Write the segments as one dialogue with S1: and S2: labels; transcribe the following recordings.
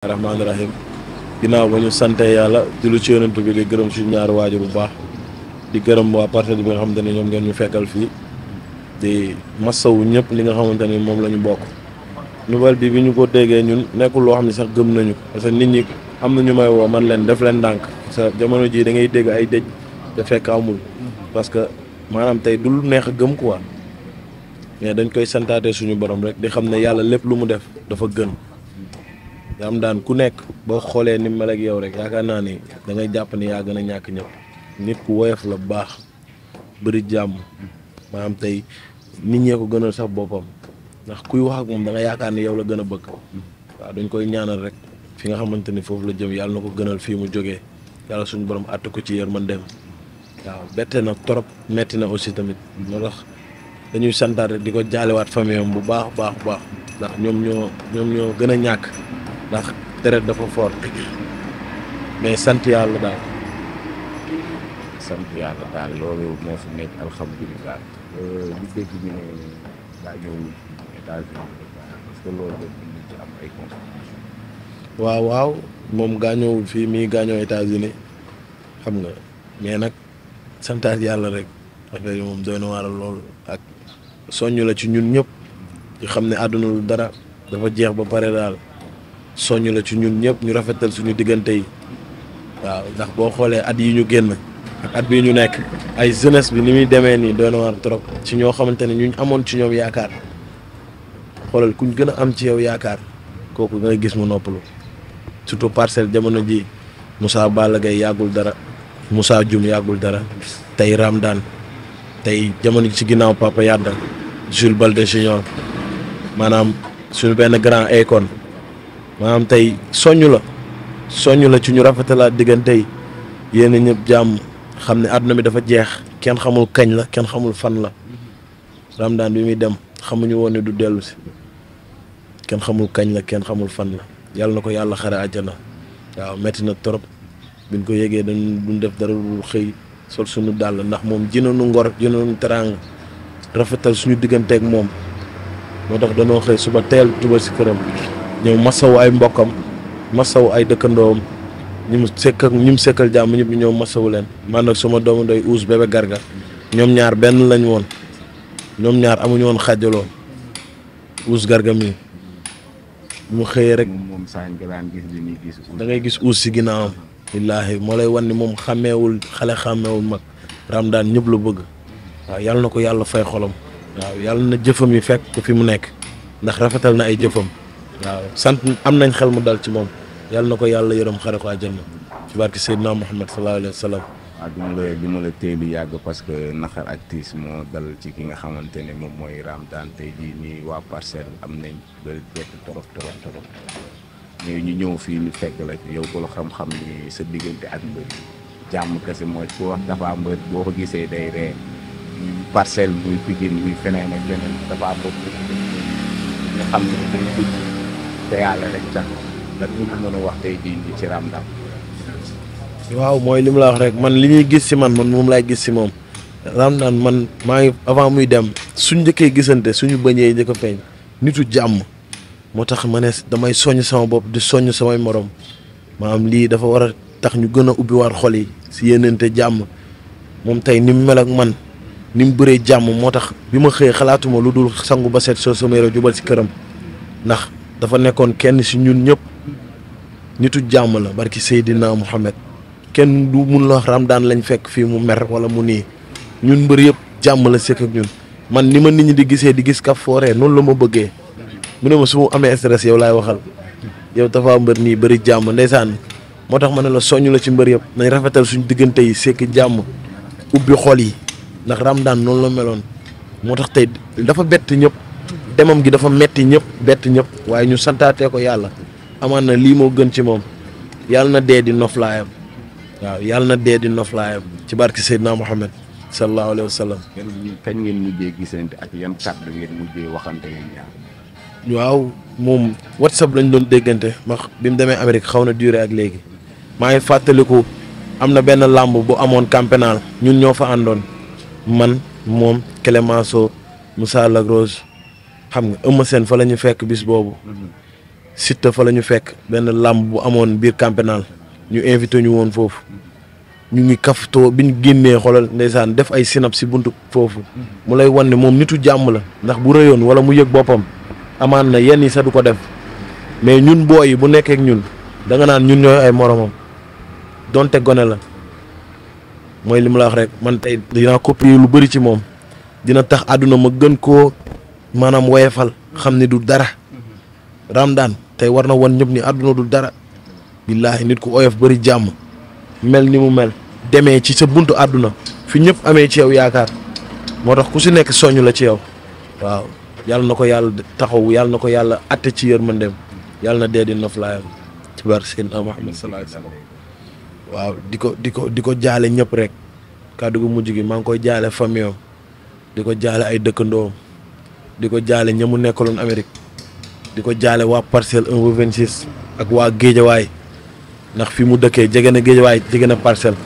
S1: rahmaani rahim ginnaaw ba ñu sante yàlla di lu ci yonent bi di gërëm suñu ñaari waajur bu baax di gërëm waa parti bi nga xamante ne ñoom ngeen ñu fekkal fii di wu ñëpp li nga xamante ne moom la ñu bokk nouvelle bi bi ñu ko déggee ñun nekkul loo xam ne sax gëm nañu ko parce que nit ñi am na ñu may woo man leen def leen ndànk parce jamono jii da ngay dégg ay dëj te fekk amul parce que maanaam tey du lu neex a gëm kuwaa mais dañ koy santaate suñu borom rek di xam ne yàlla lépp lu mu def dafa gën am daan ku nekk boo xoolee ni mel ak yow rek yaakaar naa ni dangay jàpp ni yaa gën a ñàkk ñëpp nit ku woyof la baax bëri jàmm maanaam tey nit ñee ko gënal sax boppam ndax kuy wax ak moom da yaakaar ni yow la gën a bëgg waaw dañ koy ñaanal rek fi nga xamante ni foofu la jëm yàlla na ko gënal fii mu jógee yàlla suñu borom àtt ko ci yërmandeem waaw bette na trop metti na aussi tamit moo tax dañuy santaat rek di ko jaalewaat famille bu baax baax baax ndax ñoom ñoo ñoom ñoo gën a ñàkk ndax deret dafa fort mais sant yàlla daal
S2: sant yàlla daal loolu moo fi nekk alhamdulilah euh,
S1: ñu waaw waaw moom gaañoowul fii mii gaañoo États-Unis xam nga mais nag santaat yàlla rek affaire yi moom doy na waaral loolu ak soññ la ci ñun ñëpp ci xam ne àdduna lu dara dafa jeex ba pare daal soññ la ci ñun ñëpp ñu rafetal suñu diggante yi waaw ndax boo xoolee at yi ñu génn ak at bii ñu nekk ay jeunesse bi ni muy demee nii doy trop ci ñoo xamante ne ñu amoon ci ñoom yaakaar xoolal kuñ gën a am ci yow yaakaar kooku nga gis mu noppalu surtout parcelle jamono ji Moussa Balla gay yàggul dara Moussa Dioum yàggul dara tey Ramdan tey jamono ji ci ginnaaw Papa Yadda Jules Balde Junior maanaam suñu benn grand école maanaam tey soññ la soññ la ci ñu rafetalaat diggante yi yéen ñëpp jàmm xam ne àdduna bi dafa jeex kenn xamul kañ la kenn xamul fan la Ramadaan bi muy dem xamuñu woon ne du dellu kenn xamul kañ la kenn xamul fan la yàlla na ko yàlla xare àjjana waaw metti na trop biñ ko yéegee dañ duñ def dara lu xëy sol suñu dàll ndax moom jëndoonu ngor jëndoonu teraanga rafetal suñu diggante ak moom moo tax danoo xëy suba teel tuba si këram ñëw masawu ay mbokkam masawu ay dëkkandoom ñu mu sekk ak mu sekkal jàmm ñëpp ñëw masawu leen man nag sama doomu ndoy uus bébé garga ñoom ñaar benn lañ woon ñoom ñaar amuñu woon xàjjaloo uus garga mi mu xëyee rek moom da ngay gis uus ci ginnaawam. illaahi moo lay wan ni moom xàmmeewul xale xàmmeewul mag Ramadaan ñëpp lu bëgg waaw yàlla na ko yàlla fay xolam waaw yàlla na jëfam yi fekk ko fi mu nekk ndax rafetal na ay jëfam. waaw sant am nañ xel mu dal ci moom yàlla na ko yàlla yërëm xare ko àjjana ci barke Seydina Muhammad sallallahu alayhi wa sallam waaw ah, du ma la
S2: du ma lu yàgg parce que naxar ak tiis moo ki nga xamante ne moom mooy Ramdane tey nii waa parcelle am nañ bëri bett torop torop torop ñu ñëw fii ñu fekk la yow ko la xam diggante ak jàmm kese mooy ku wax dafa mbër boo ko gisee day ree parcelle muy Pikine muy feneen ak feneen dafa mbër nga xam ne yàlla rek tax wax tey jii nii
S1: ci waaw mooy li mu la wax rek man li ñuy gis si man man moom laay gis si moom Ram Ndam man maa ngi avant muy dem suñ njëkkee gisante suñu bëñee njëkk a feeñ nitu jàmm moo tax ma ne damay soññ sama bopp di soññ samay morom maanaam lii dafa war a tax ñu gën a ubbiwaat xol yi si yéenante jàmm moom tey ni mu mel ak man ni mu bëree jàmm moo tax bi ma xëyee xalaatuma lu dul sangu ba set soo samay jubal si këram ndax. dafa nekkoon kenn si ñun ñëpp nitu jàmm la barki Seydina Mohamed kenn du mun la wax Ramdaan lañ fekk fii mu mer wala mu nii ñun mbër yëpp jàmm la sekk ak ñun man ni ma nit ñi di gisee di gis kaf fooree noonu la ma bëggee mu ne ma su ma amee stress yow laay waxal yow dafa mbër nii bëri jàmm ndeysaan moo tax ma ne la soññ la ci mbër yëpp nañ rafetal suñu diggante yi sekk jàmm ubbi xol yi ndax Ramdaan noonu la meloon moo tax tey dafa bett ñëpp. demam gi dafa metti ñëpp bett ñëpp waaye ñu santaatee ko yàlla amaan na lii moo gën ci moom yàlla na dee di noflaayam waaw yàlla na dee di noflaayam ci barke Seydina Mohamed sallallahu alayhi wa sallam. kañ ngeen mujjee gisante ak yan kàddu ngeen mujjee
S2: waxante ngeen ñaar.
S1: waaw moom whatsapp lañ doon déggante ndax bi mu demee Amérique xaw na duré ak léegi maa ngi fàttaliku am na benn làmb bu amoon campénal ñun ñoo fa àndoon man moom Clémenceau Moussa Lagrose xam nga Eumeu Sène fa la ñu fekk bis boobu. Siteu fa la ñu fekk benn làmb bu amoon biir camp ñu invité ñu woon foofu ñu ngi kaftoo bi ñu génnee xoolal ndeysaan def ay synap si buntu foofu mu lay wan ne moom nitu jàmm la ndax bu rëyoon wala mu yëg boppam amaan na yenn yi sax du ko def mais ñun booy yi bu nekkee ak ñun da naan ñun ñooy ay moroomam donte gone la mooy li mu la rek man tey dinaa copier lu bëri ci moom dina tax àdduna ma gën koo maanaam woyefal xam ni du dara Ramdaan tey war na woon ñëpp ni àdduna du dara billaahi nit ku oyof bari jàmm mel ni mu mel demee ci sa buntu àdduna fi ñëpp amee ci yow yaakaar moo tax ku si nekk soñu la ci yow waaw yàlla na ko yàlla taxaw yàlla na ko yàlla atte ci yërmandeem yàlla na dee di noflaayam ci bar Seydina Muhammad sallallahu alayhi wasallam waaw di ko di ko di ko jaale ñëpp rek kàddu gu mujj gi maa ngi koy jaale famille am di ko jaale ay dëkkandoom di ko jaale ña mu nekkaloon Amérique di ko jaale waa parcelle 1 ba 26 ak waa waay ndax fi mu dëkkee jege na waay jege na parcelle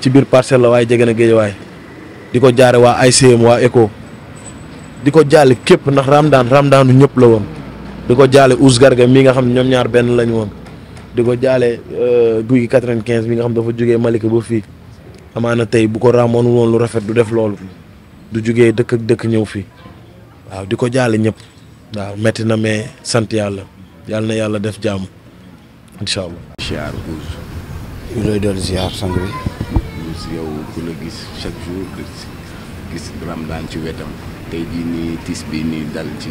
S1: ci biir parcelle la waaye jege na waay di ko jaare waa ICM waa ECHO di ko jaale képp ndax Ramadaan daanu ñëpp la woon di ko jaale Ouz Garga mi nga xam ne ñoom ñaar benn lañu woon di ko jaale euh, guy gi 95 mi nga xam dafa jógee Malika ba fii amaana tey bu ko raamoon woon lu rafet du def loolu du jógee dëkk ak dëkk ñëw fii waaw di ko jaale ñëpp waaw metti na mais sant yàlla yàlla na yàlla def jàmm incha allah. ziar Ouz. ñu lay bi. Ouz yow ku
S2: la gis chaque jour gis Ramdan ci wetam tey bi nii dal ci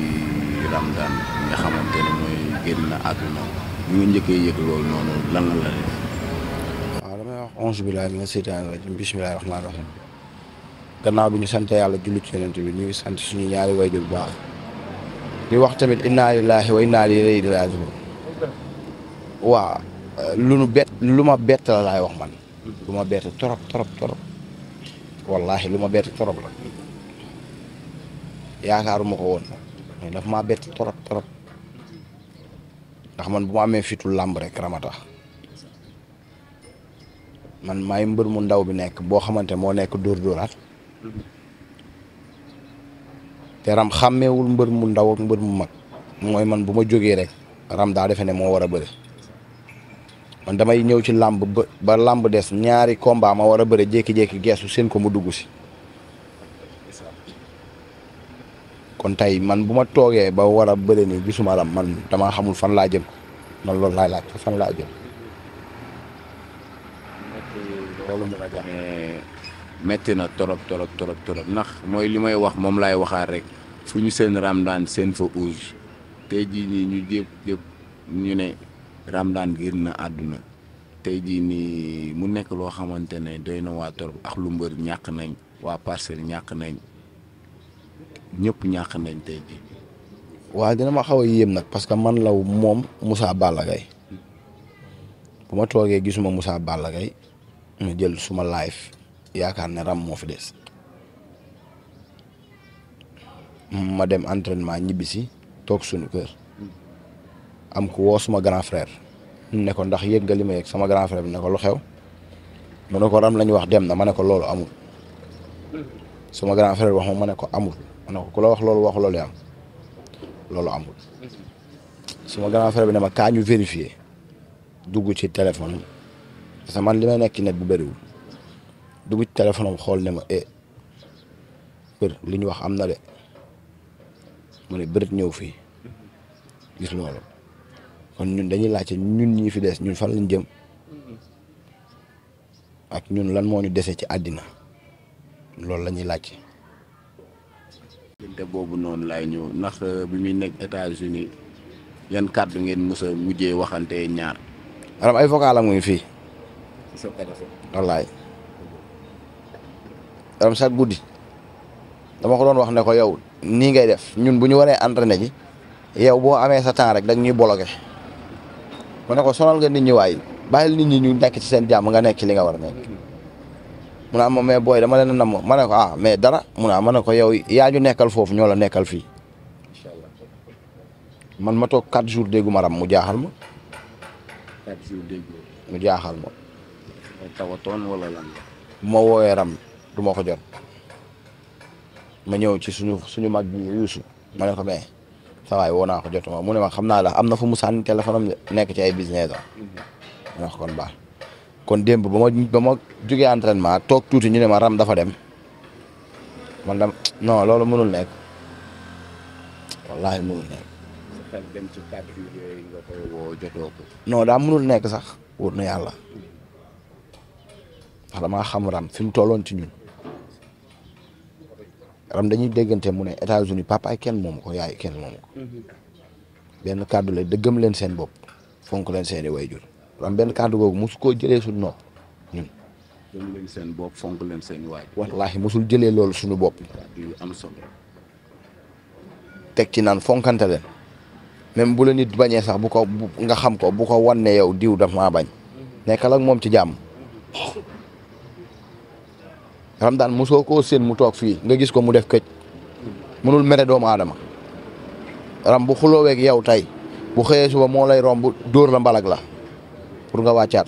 S2: Ramdan nga xamante ne mooy génn àdduna ñu nga njëkkee yëg
S3: loolu noonu lan la damay wax onze bilaay mina seytaani rajiim bismillaahi rahmaani rahiim gannaaw bi ñu sant yàlla jullit ci bi ñu ngi sant suñu ñaari wayjur bu baax di wax tamit inna lillahi wa inna ilayhi raaji'uun waa lu nu bett lu ma bett la laay wax man lu ma bett trop trop wallahi lu ma bett trop la yaakaaruma ko woon daf maa bett trop trop ndax man bu ma amee fitu làmb rek ramata man maay mbër mu ndaw bi nekk boo xamante moo nekk dóor dóoraat te ram xàmmeewul mbër mu ndaw ak mbër mu mag mooy man bu ma jógee rek ram daa defe ne moo war a bëre man damay ñëw ci làmb ba làmb des ñaari combat ma war a bëre jékki-jékki geesu seen ko mu dugg si kon tey man bu ma toogee ba war a bëre ni gisuma ram man damaa xamul fan laa jëm man loolu laay laaj fan laa jëm
S2: metti na torop torop torop torop ndax mooy li may wax moom laay waxaat rek fu ñu seen ramdaan seen fa uus tey jii nii ñu jépp jépp ñu ne ramdaan ngir na àdduna tey jii nii mu nekk loo xamante ne doy na waa torop ak lu mbër ñàkk nañ waa parcelle ñàkk nañ ñëpp ñàkk nañ tey jii.
S3: waaw ma xaw a yéem nag parce que man law moom Moussa Balla Gaye bu ma toogee gisuma Moussa Balla Gaye mu jël suma live yaakaar ne ram moo fi des ma dem entraînement ñibbisi toog suñu am ku woo suma grand frère ne ko ndax yëg nga li ma yëg sama grand frère bi ne ko lu xew mu ne ko ram la ñu wax dem na ma ne ko loolu amul suma grand frère wax ma ne ko amul ma ku la wax loolu wax loolu amul suma grand bi ne ma kaa ñu vérifier dugg ci téléphone parce que man li may nekk ci net bu bëriwul dugg ci téléphone xool ne ma eh për li wax am na de mu ne bërit ñëw fii gis loolu kon ñun dañuy laajte ñun ñi fi des ñun fan lañ jëm ak ñun lan moo ñu dese ci àddina loolu la ñuy laajte.
S2: boobu noonu lay ñëw ndax euh, bi muy nekk États-Unis yan kàddu ngeen mës a mujjee waxante ñaar.
S3: maanaam ay vocal am muy fii. wallaay. ram sax guddi dama ko doon wax ne ko yow nii ngay def ñun bu ñu waree entraîné ji yow boo amee sa temps rek dag ñuy bloqué mu ne ko sonal nga nit ñi waay bàyyil nit ñi ñu nekk ci seen jàmm nga nekk ci li nga war a nekk mu ne ma mais booy dama leen nam ma ne ko ah mais dara mu a ma ne ko yow yaa ñu nekkal foofu ñoo la nekkal fii man ma toog quatre jour déggu ma ram mu jaaxal ma mu jaaxal ma. tawatoon wala lan woowee ram du ma jot ma ñëw ci suñu suñu mag bi ma ne ko mais sa waay woo naa ko jotuma mu ne ma xam naa la am na fu mu sànni téléphone nekk ci ay business am ma wax kon baax kon démb ba ma ba ma jógee entraînement toog tuuti ñu ne ma ram dafa dem man loolu mënul nekk wallaahi mënul nekk. dem daa mënul nekk sax wóor na yàlla ndax damaa xam ram si mu tolloon ci ñun. ram dañuy déggante mu ne États-Unis papaay kenn moomu ko yaay kenn moomu ko mm-hmm. benn kàddu la dëggam leen seen bopp fonk leen seen i wayjur ram benn kàddu boobu mosu koo jëlee suñu nopp
S2: ñun dëggam seen bopp fonk leen seen
S3: i waajur wallaahi mosul loolu suñu bopp yu am solo teg ci naan fonkante leen même bu la nit bañee sax bu ko nga xam ko bu ko wan yow diw daf bañ mm-hmm. nekkal ak moom ci Ramdaan mosoo koo seen mu toog fii nga gis ko mu def këj mënul mere doomu aadama ram bu xulooweeg yow tey bu xëyee suba moo lay romb dóor la mbalag la pour nga wàccaat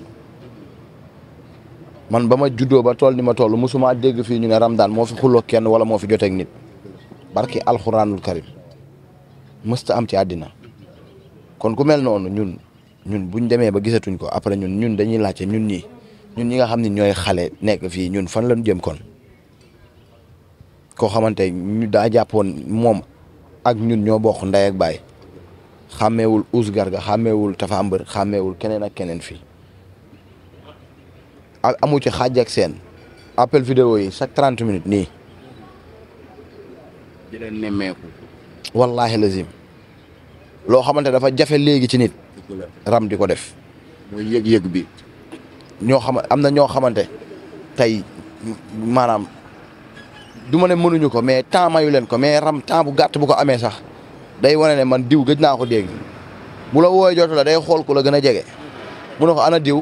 S3: man ba ma juddoo ba tool ni ma toll mosuma dégg fii ñu ne Ramdaan moo fi xuloo kenn wala moo fi joteeg nit barki alxuraanul karim mësta am ci àddina kon ku mel noonu ñun ñun buñ demee ba gisatuñ ko après ñun ñun dañuy laajte ñun ñii ñun ñi nga xam ne ñooy xale nekk fii ñun fan lañu jëm kon koo xamante ñu daa jàppoon moom ak ñun ñoo bokk ndey ak baay xàmmeewul Ouz Garga xàmmeewul Tapha Mbeur xàmmeewul keneen ak keneen fii ak amu ci xaaj ak seen appel vidéo yi chaque trente minutes nii.
S2: di leen nemmeeku.
S3: wallaahi lazim loo xamante dafa jafe léegi ci nit. ram di ko def. mooy yëg-yëg bi. ñoo xam am na ñoo xamante tey maanaam du ma ne mënuñu ko mais temps mayu leen ko mais ram temps bu gàtt bu ko amee sax day wane ne man diw gëj naa ko dégg bu la wooyee jot la day xool ku la gën a jege. mu ne an ana diw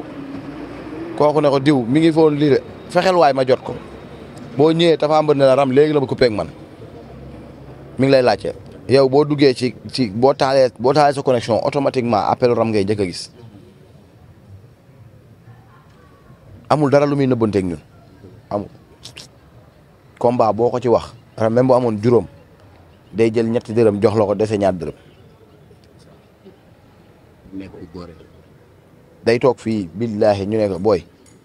S3: kooku ne ko diw mi ngi foon lii fexeel waay ma jot ko boo ñëwee dafa mbër ne la ram léegi la ba coupé man mi ngi lay laajte yow boo duggee ci ci boo taalee boo taalee sa connexion automatiquement appel ram ngay njëkk a gis. amul dara lu muy nëbbanteeg ñun amul combat boo ko ci wax même bu amoon juróom day jël ñetti dërëm jox la ko dese ñaar dërëm day toog fii billaahi ñu ne ko booy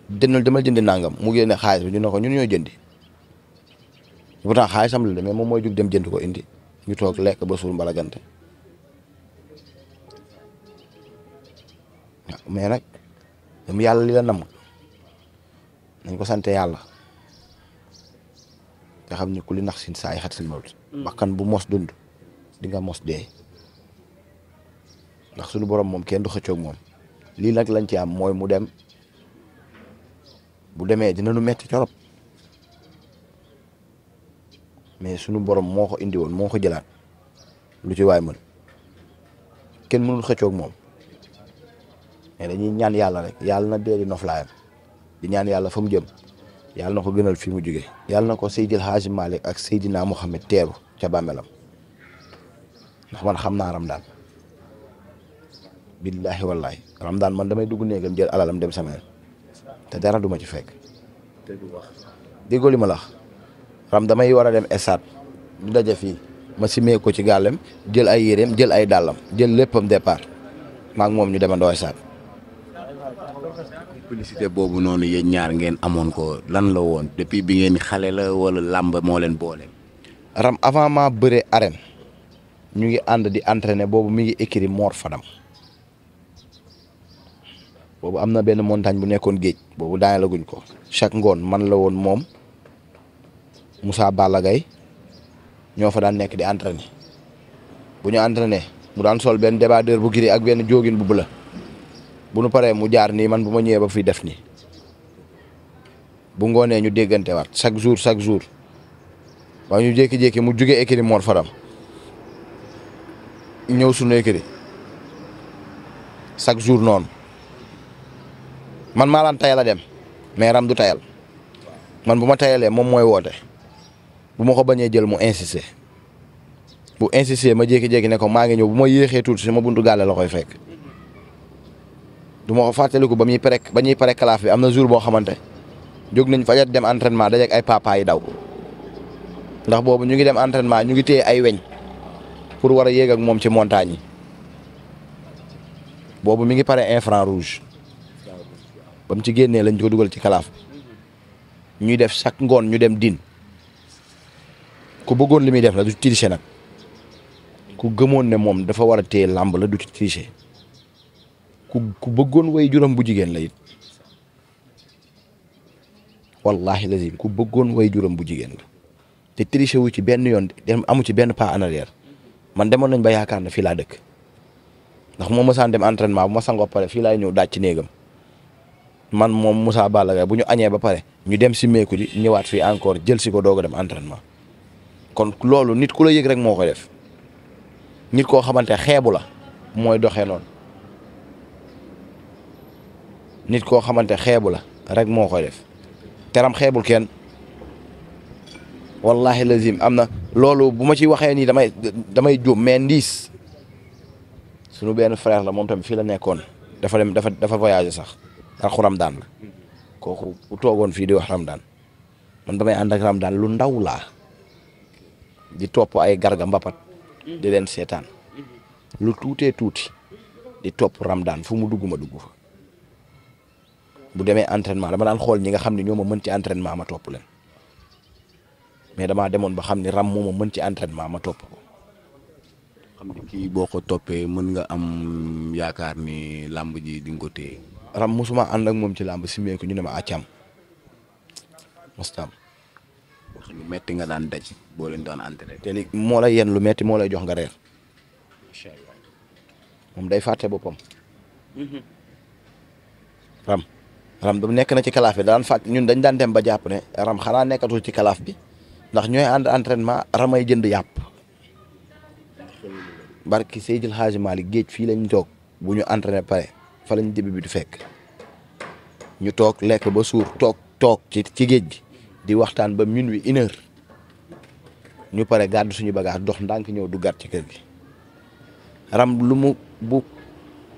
S3: dënnal demal jënd nangam mu génne xaalis bi ñu ne ko ñun ñooy jëndi pourtant xaalisam la demee moom mooy jug dem jënd ko indi ñu toog lekk ba suur mbala gante mais nag dam yàlla li la nam nañ ko sante yàlla te xam ni ku li nax sin saa yi xat sin mawt mm. bakkan bu mos dund di nga mos dee ndax sunu borom moom kenn du xëccoog moom lii nag lañ ci am mooy mu dem bu demee dina nu metti torop mais sunu borom moo ko indi woon moo ko jëlaat lu ci waay mën kenn mënul xëccoog moom mais dañuy ñaan yàlla rek yàlla na dee di noflaayam di ñaan yàlla fa mu jëm yàlla na ko gënal fi mu jóge yàlla na ko Seydil Hadji Malick ak Seydina Mohamed teeru ca bàmmeelam ndax man xam naa Ramadaan billaahi wallaahi Ramadaan man damay dugg néegam jël alalam dem sama te dara duma ci fekk déggoo li ma lax ram damay war a dem esat du daje fi ma simee ko ci gàllem jël ay yéreem jël ay dàllam jël léppam départ maak moom ñu demandoo esat
S2: complicité boobu noonu yéen ñaar ngeen amoon ko lan la woon depuis bi
S3: ngeen xale la wala làmb moo leen boole. ram avant ma bëre arène ñu ngi ànd di entraîner boobu mi ngi écrit moor Fadam boobu am na benn montagne bu nekkoon géej boobu daañu la ko chaque ngoon man la woon moom Moussa Balla Gaye ñoo fa daan nekk di entraîner bu ñu entraîner mu daan sol benn débardeur bu gris ak benn joogin bu bula bu nu paree mu jaar nii man bu ma ñëwee ba fii def nii bu ngoonee ñu déggante waat chaque jour chaque jour waaye ñu jékki-jékki mu jugee écurie Mor Fadam ñëw sunu écurie chaque jour noonu man maa laan tayal a dem mais Ram du tayal man bu ma tayalee moom mooy woote bu ma ko bañee jël mu insisté bu insisté ma jékki-jékki ne ko maa ngi ñëw bu ma yéexee tuuti si ma buntu gàlle la koy fekk. du ma ko fàttaliku ba muy pare ba ñuy pare kalaaf bi am na jour boo xamante jóg nañ fajar dem entraînement dajeeg ay papa yi daw ndax boobu ñu ngi dem entraînement ñu ngi téye ay weñ pour war a yéeg ak moom ci montagne yi boobu mi ngi pare infrant rouge ba mu ci génnee lañ ko dugal ci kalaaf bi ñuy def chaque ngoon ñu dem din ku bëggoon li muy def la du tricher nag ku gëmoon ne moom dafa war a téye làmb la du ci tricher ku ku bëggoon way juram bu jigéen la it wallahi lazim ku bëggoon way juram bu jigéen la te triché wu ci benn yoon dem amu ci benn pas en man demoon nañ ba yaakaar na fii laa dëkk ndax moom mosaan dem entraînement bu ma sangoo pare fii laay ñëw daaj ci néegam man moom Moussa Balla Gaye bu ñu añee ba pare ñu dem si meeku ji ñëwaat fii encore jël si ko doog a dem entraînement kon loolu nit ku la yëg rek moo ko def nit koo xamante xeebu la mooy doxee noonu nit koo xamante xeebu la rek moo koy def teram xeebul kenn wallahi lazim am na loolu bu ma ci waxee nii damay damay juum mais ndiis suñu benn frère la moom tamit fii la nekkoon dafa dem dafa dafa voyagé sax ak Ramdaan la kooku bu toogoon fii di wax ram daan man damay ànd ak daan lu ndaw laa di topp ay garga mbapat di leen seetaan lu tuutee tuuti di topp ram daan fu mu dugg ma dugg fa bu demee entraînement dama daan xool ñi nga xam ne ñoo ma mën ci entraînement ma topp leen mais damaa demoon ba xam ne ram moo ma mën ci entraînement ma topp ko.
S2: xam boo ko toppee mën nga am yaakaar ni làmb ji di nga ko téye.
S3: ram mosuma ànd ak moom ci làmb si meeku ñu ne ma àccam ah, mostam lu metti nga daan daj boo leen daan entraîné. te li moo lu metti moo lay jox nga reer. incha allah moom day fàtte boppam. Mhm. ram. ram du nekk na ci kalaaf bi daan fàcc ñun dañ daan dem ba jàpp ne ram xanaa nekkatul ci kalaaf bi ndax ñooy ànd entraînement ramay jënd yàpp barki Seydil Hadji Malick géej fii lañu toog bu ñu entraîné pare fa lañ début bi du fekk ñu toog lekk ba suur toog toog ci ci géej gi di waxtaan ba minuit wi heure ñu pare gàddu suñu bagage dox ndànk ñëw duggaat ci kër gi ram lu mu bu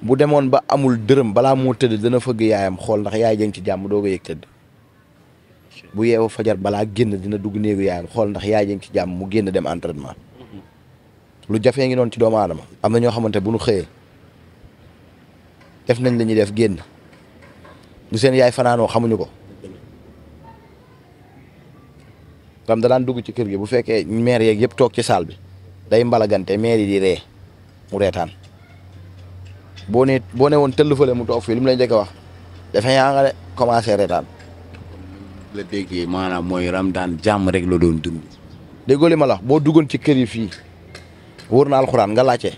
S3: bu demoon ba amul dërëm balaa moo tëdd dana fëgg yaayam xool ndax yaay jëng ci jàmm doo ko tëdd bu yeewu fajar balaa génn dina dugg néegu yaayam xool ndax yaay jëng ci jàmm mu génn dem entraînement lu jafee ngi noonu ci doomu aadama am na ñoo xamante bu ñu xëyee def nañ la def génn bu seen yaay fanaanoo xamuñu ko xam da daan dugg ci kër gi bu fekkee maire yeeg yëpp toog ci saal bi day mbalagante maire yi di ree mu reetaan boo nee boo ne woon tëll mu toog fii li mu lay njëkk wax dafa yaa nga de commencé reetaan.
S2: la déggee maanaam mooy Ramadaan jàmm rek la doon dund.
S3: déggoo li ma boo duggoon ci kër yi fii wóor na alxuraan nga laajte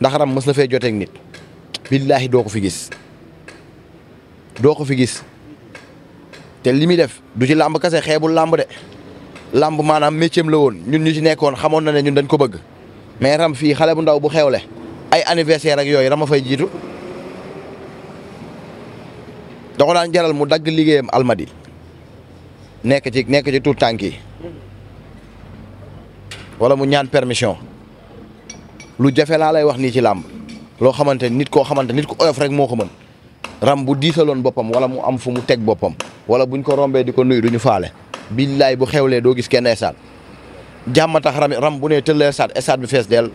S3: ndax ram mës na fee joteeg nit. billaahi doo ko fi gis doo ko fi gis te li muy def du ci làmb kase xeebul làmb de làmb maanaam métier la woon ñun ñu ci nekkoon xamoon na ne ñun dañ ko bëgg mais ram fii xale bu ndaw bu xewle. ay anniversaire rek yooyu dama fay jiitu da ko daan jaral mu dagg liggéeyam almadi nekk ci nekk ci tout tànk yi mu ñaan permission lu jafe laa lay wax nii ci làmb loo xamante nit koo xamante nit ku oyof rek moo ko mën ram bu diisaloon boppam wala mu am fu mu teg boppam wala buñ ko rombee di ko nuyu ñu faale billaay bu xewlee doo gis kenn esaat jàmm ram bu nee tëll esaat esaat bi fees dell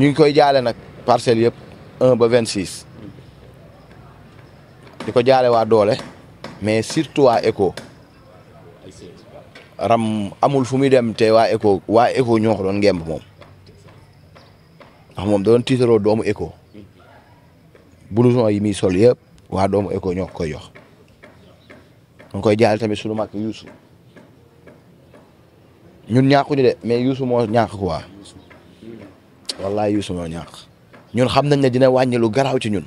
S3: ñu ngi koy jaale nag parcelles yëpp ba vingt six di ko jaale waa doole mais surtout waa éco ram amul fu muy dem te waa ECHO waa éco ñoo doon ngemb moom ndax moom doon tiitaroo doomu ECHO blouson yi muy sol yëpp waa doomu éco ñoo koy jox ñu koy jaale tamit sunu mag Youssou ñun ñàkkuñu de mais Youssou moo ñàkk quoi wallaay Youssou moo ñàkk ñun xam nañ ne dina wàññi lu garaaw ci ñun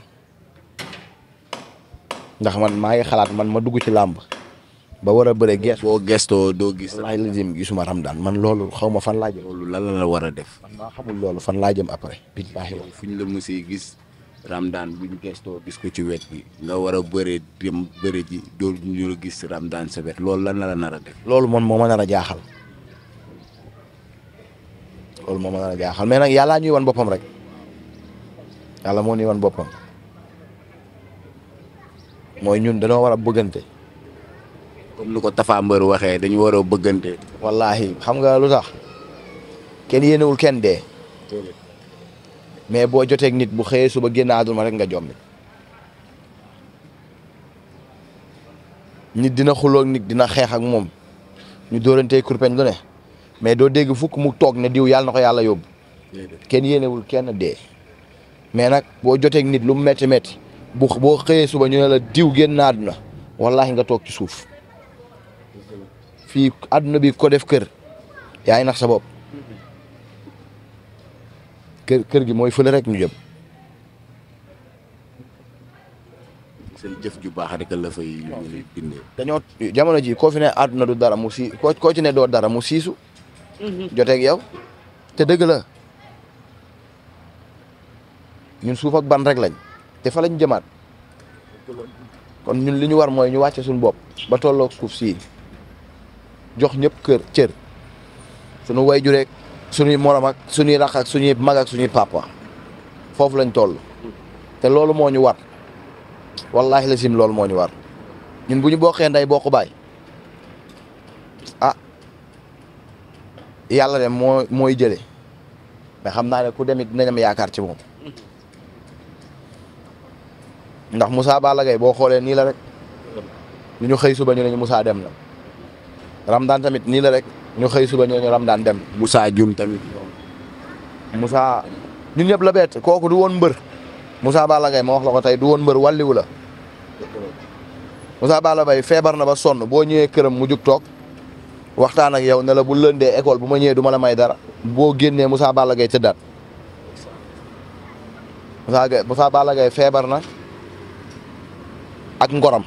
S3: ndax man maa ngi xalaat man ma dugg ci làmb ba war a bëre gees boo gestoo doo gis laaj la jëm gisuma Ramdaan man loolu xaw ma fan laa lan la la war a def man maa xamul loolu fan laa jëm après billaahi
S2: fu ñu la musi gis Ramdaan buñ gestoo gis ko ci wet bi nga war a bëree dem
S3: bëre ji doo ñu gis Ramdaan sa wet loolu lan la la nar a def loolu man moo ma nar a jaaxal loolu moo mën a jaaxal mais nag yàllaa ñuy wan boppam rek yàlla moo ñuy wan boppam mooy ñun dañoo war a bëggante.
S2: comme ni ko Tafa
S3: waxee dañu war a bëggante. wallaahi xam nga lu tax kenn yéenewul kenn dee. mais boo joteeg nit bu xëyee suba génn àdduna rek nga jombi nit dina xuloog nit dina xeex ak moom ñu dóorantee kurpeñ lu ne. mais doo dégg fukk mu toog na diw yàlla na ko yàlla yóbbu kenn yéenewul kenn dee mais nag boo joteeg nit lu metti metti métti bu boo xëyee suba ñu ne la diw génn na àdduna wallaahi nga toog ci suuf fii àdduna bi ko def kër yaa nax sa bopp kër kër gi mooy fële rek ñu jëm. seen
S2: jëf ju baax rek
S3: la fay. dañoo jamono ji koo fi ne àdduna du dara mu si koo ci doo dara mu siisu. Mhm. joteeg yow te dëgg la ñun suuf ak ban rek lañ te fa lañ jëmaat kon ñun li ñu war mooy ñu wàcce suñu bopp ba tolloog suuf sii jox ñëpp kër cër suñu way ju rek suñuy morom ak suñuy rax ak suñuy mag suñuy papa foofu lañ toll te loolu moo ñu war wallaahi la sim loolu moo ñu war ñun bu ñu bokkee nday bokk baay ah yàlla de moo mooy jëlee mais xam naa ne ku demit dinañ am yaakaar ci moom ndax Moussa Balla Gaye boo xoolee nii la rek ñu ñu xëy suba ñu ne ñu dem na Ramdaan tamit nii la rek ñu xëy suba ñu ne ñu Ramdaan dem na. Moussa tamit. Moussa ñun ñëpp la bett kooku du woon mbër Moussa Balla Gaye ma wax la tey du woon mbër wàlliwu la Moussa Balla Gaye feebar na ba sonn boo ñëwee këram mu jug toog. waxtaan ak yow ne bu lëndee école bu ma ñëwee du ma may dara boo génnee Moussa Balla Gaye tëddaat Moussa Gaye Moussa Balla Gaye feebar na ak ngoram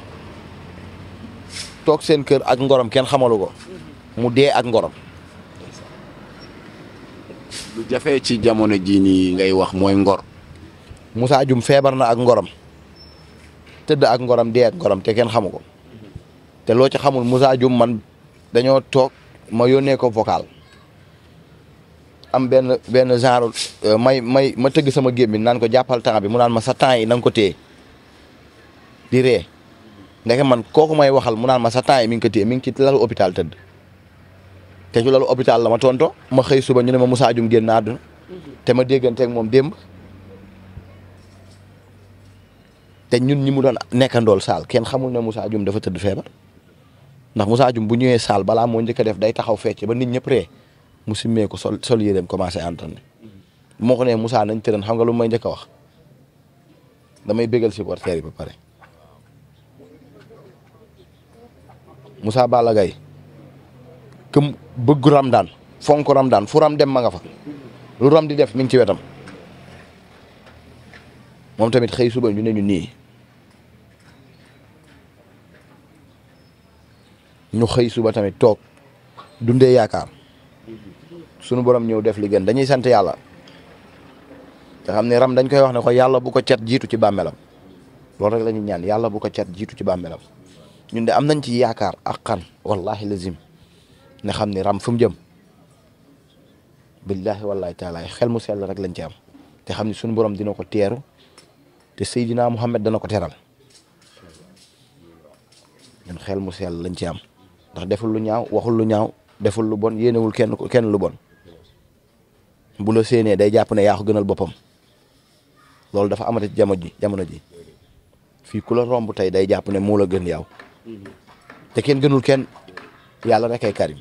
S3: toog seen kër ak ngorom kenn xamalu ko mu dee ak ngorom. lu jafee ci jamono jii nii ngay wax mooy ngor. musa Dioum feebar na ak ngorom tëdd ak ngoram dee ak ngoram te kenn xamu ko te loo xamul Moussa Dioum man. dañoo toog ma yónnee ko vocal am benn benn genre euh, may may ma tëgg sama gémmiñ naan ko jàppal temps bi mu naan ma sa temps yi na nga ko téye di ree ndeke man kooku may waxal mu naan ma sa temps yi mi ngi ko téye mi ngi hôpital tëdd te ci lalu hôpital la ma tonto ma xëy suba ñu ne ma Moussa Dioum génn àdduna te ma dégganteeg moom démb te ñun ñi mu doon nekkandool saal kenn xamul ne Moussa Dioum dafa tëdd feebar ndax Moussa Dioum bu ñëwee saal balaa moo njëkk a def day taxaw fecc ba nit ñëpp ree mu simmee ko sol sol yéreem commencé entraîné bu ma ko nañ tëran xam nga lu may njëkk a wax damay ba pare Moussa Balla Gaye këm bëgg ram daan fonk ram daan fu ram dem ma nga fa lu ram di def mi ci wetam moom tamit xëy suba ñu ne ñu nii ñu xëy suba tamit toog dundee yaakaar sunu borom ñëw def li dañuy sant yàlla nga xam ne ram dañ koy wax ne ko yàlla bu ko cet jiitu ci bàmmeelam loolu rek la ñaan yàlla bu ko cet jiitu ci bàmmeelam ñun de am nañ ci yaakaar ak xan wallahi lazim ne xam ne ram fu mu jëm billahi wallahi taalaay xel mu sell rek lañ ci am te xam ne sunu borom dina ko teeru te Seydina Muhammad dana ko teral ñun xel mu sell lañ ci am. ndax deful lu ñaaw waxul lu ñaaw deful lu bon yéenewul kenn kenn lu bon bu la séenee day jàpp ne yaa ko gënal boppam loolu dafa amati ci jamono ji jamono ji fii ku la romb tey day jàpp ne moo la gën yow te kenn gënul kenn yàlla rek ay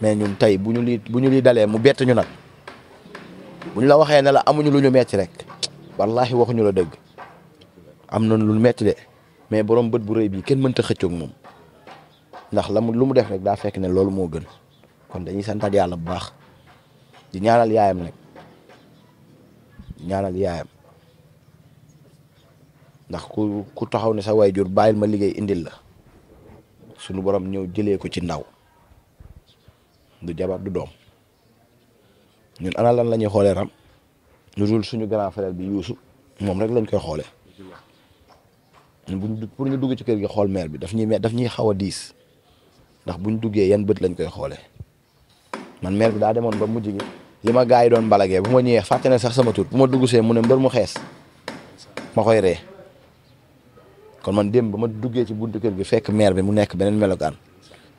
S3: mais ñun tey bu ñu lii bu ñu lii dalee mu bett ñu nag bu la waxee ne la amuñu lu ñu metti rek wallahi waxuñu la dëgg am nañ lu metti de mais borom bët bu rëy bii kenn mënta xëccoog moom. ndax la mu lu mu def rek daa fekk ne loolu moo gën kon dañuy santaat yàlla bu baax di ñaanal yaayam nag di ñaanal yaayam ndax ku ku taxaw ne sa jur bàyyil ma liggéey indi la sunu borom ñëw jëlee ko ci ndaw du jabar du doom ñun ana lan la ñuy xoolee ram lu dul suñu grand frère bi Youssou moom rek lañ koy xoolee pour ñu dugg ci kër gi xool meer bi daf ñuy daf ñuy xaw a diis. ndax bu buñ duggee yan bët lañ koy xoolee man maire bi daa demoon ba mu gi li ma gars yi doon balagee bu ma ñëwee fàtte ne sax sama tur bu ma dugg see mu ne mbër mu xees ma koy ree kon man démb ba ma duggee ci buntu kër gi fekk maire bi mu nekk beneen melokaan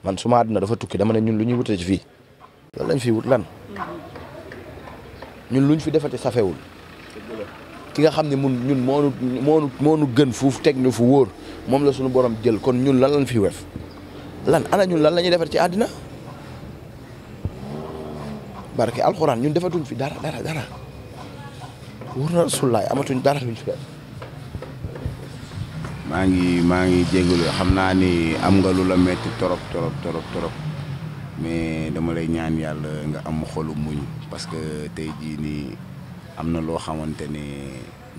S3: man su na àdduna dafa tukki dama ne ñun lu ñu wutee ci fii fi wut lan ñun luñ fi defati safewul ki nga xam ne mun ñun moonu moonu moonu gën fuuf teg nu fu wóor moom la suñu borom jël kon ñun lan lañ fi wef lan ana ñun lan la ñuy defar ci àddina barke alxuraan ñun defatuñ fi dara dara dara wóor rasulaay amatuñ dara luñ fi def
S2: maa ngi maa ngi jégalu xam naa ni am nga lu la metti torop torop torop mais dama lay ñaan yàlla nga am xolu muñ parce que tey jii nii am na loo xamante ne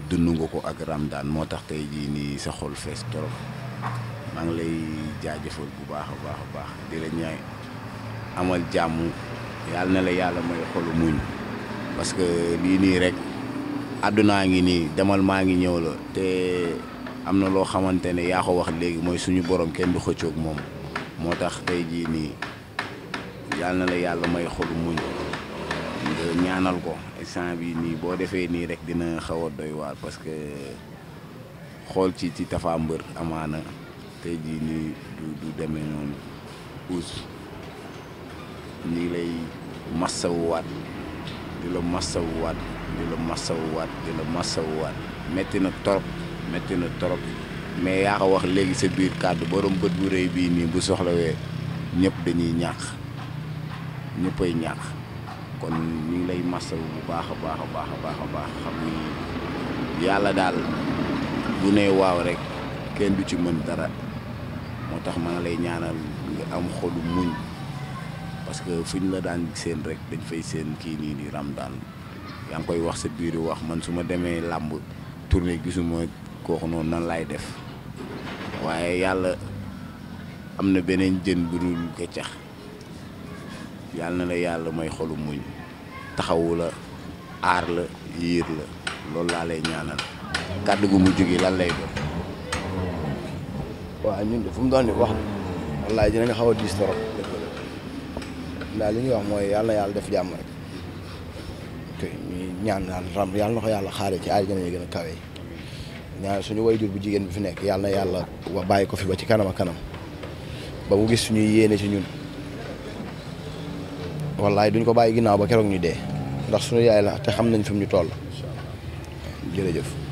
S2: dund nga ko ak daan moo tax tey jii nii sa xol fees torop maa lay jaajëfal bu baax a baax baax di la amal jàmm yàlla na la yàlla may xolu muñ parce que lii nii rek àddunaa ngi nii demal maa ngi ñëw la te am na loo xamante ne yaa ko wax léegi mooy suñu borom kenn du xëccoog moom moo tax tey jii nii yàlla na la yàlla may xolu muñ ñaanal ko instant bi nii boo defee nii rek dina xaw a doy waar parce que xool ci ci mbër Mbeur amaana tey jii nii du du demee noonu uus ñu ngi lay massawuwaat di la massawuwaat di la massawuwaat di la metti na torop metti na torop mais yaa ko wax léegi sa biir kàddu borom bët bu réy bii nii bu soxlawee ñépp dañuy ñàkk ñëppay ñàkk kon ñu ngi lay masawu bu baax a baax a baax baax a baax xam ni yàlla daal bu ne waaw rekk kenn du ci mën dara moo tax maa ngi lay ñaanal nga am xolu muñ parce que fu ñu la daan seen rek dañ fay seen kii nii di Ramdan yaa ngi koy wax sa biir wax man su ma demee làmb tournée gisuma kooku noonu nan laay def waaye yàlla am na beneen jën bu dul keccax yàlla na la yàlla may xolu muñ taxawu la aar la yiir la loolu laa lay ñaanal kàdd gu mujj gi lan lay doon
S3: waa ñun de fu mu doon ni wax wallaay dinañ xaw a diis torop li ñuy wax mooy yàlla na yàlla def jàmm rek ñu ñaan daal ram yàlla na ko yàlla xaaree ci àjjana yi gën a kawe ñaan suñu wayjur bu jigéen bi fi nekk yàlla na yàlla wa bàyyi ko fi ba ci kanam kanam ba mu gis suñu yéene ci ñun wallaay duñ ko bàyyi ginnaaw ba keroog ñu dee ndax suñu yaay la te xam nañ fi mu ñu toll jërëjëf